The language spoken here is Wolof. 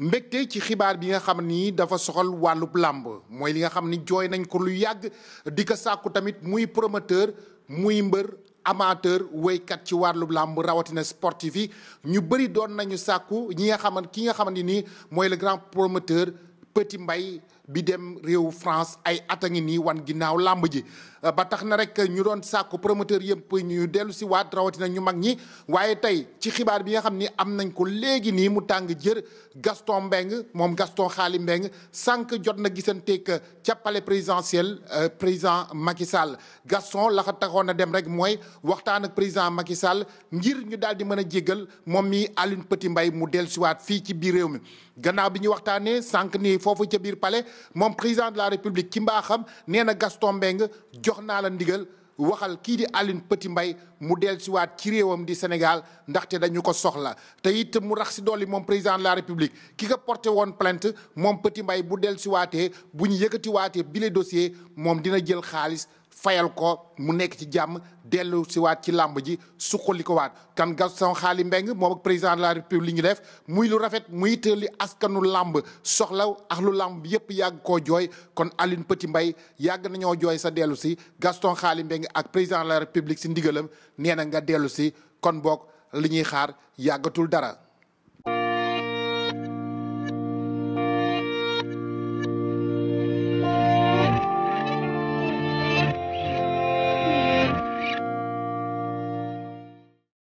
mbégte ci xibaar bi nga xam ni dafa soxal wàllu làmb mooy li nga xam ni jooy nañ ko lu yàgg di ko sàkku tamit muy promoteur muy mbër amateur woykat ci wàllu làmb rawatina sportif yi ñu bëri doon nañu sàkku ñi nga xaman ki nga xamante ni mooy le grand promoteur Petit mbay bi dem réew France ay at a wan ginnaaw làmb ji euh, ba tax na rek ñu doon sàkku promoteur yëpp ñu dellu si waat rawatina ñu mag ñi waaye tey ci xibaar bi nga xam ni am nañ ko léegi nii mu tàng jër Gaston mbeng moom Gaston Xaali Mbengue sànq jot na gisanteeg ca palais présidentiel euh, président Macky Sall Gaston la ko a dem rek mooy waxtaan ak président Macky Sall ngir ñu daal di mën a jégal moom mi Alioune Petit Mbaye mu dellu si waat fii ci biir réew mi gannaaw ca biir palais moom président de la république ci mbaaxam nee na Gaston Mbengue jox naa la ndigal waxal kii di Aline pëti mbay mu dellusiwaat ci réewam di Sénégal ndaxte dañu ko soxla te it mu rax si dolli moom président de la république ki ko porté woon plainte moom Petit Mbaye bu dellusiwaatee bu ñu yëkkatiwaatee bile dossier moom dina jël xaalis. fayal ko mu nekk ci jàmm dellu si ci làmb ji suqali ko waat kan Gaston Xaali Mbeng moom ak président de la république li ñu def muy lu rafet muy tëli askanu làmb soxlaw ak lu làmb yépp yàgg koo jooy kon Aline Petit Mbaye yàgg nañoo jooy sa dellu si Gaston Xaali Mbeng ak président de la république si ndigalam nee na nga dellu si kon boog li ñuy xaar yàggatul dara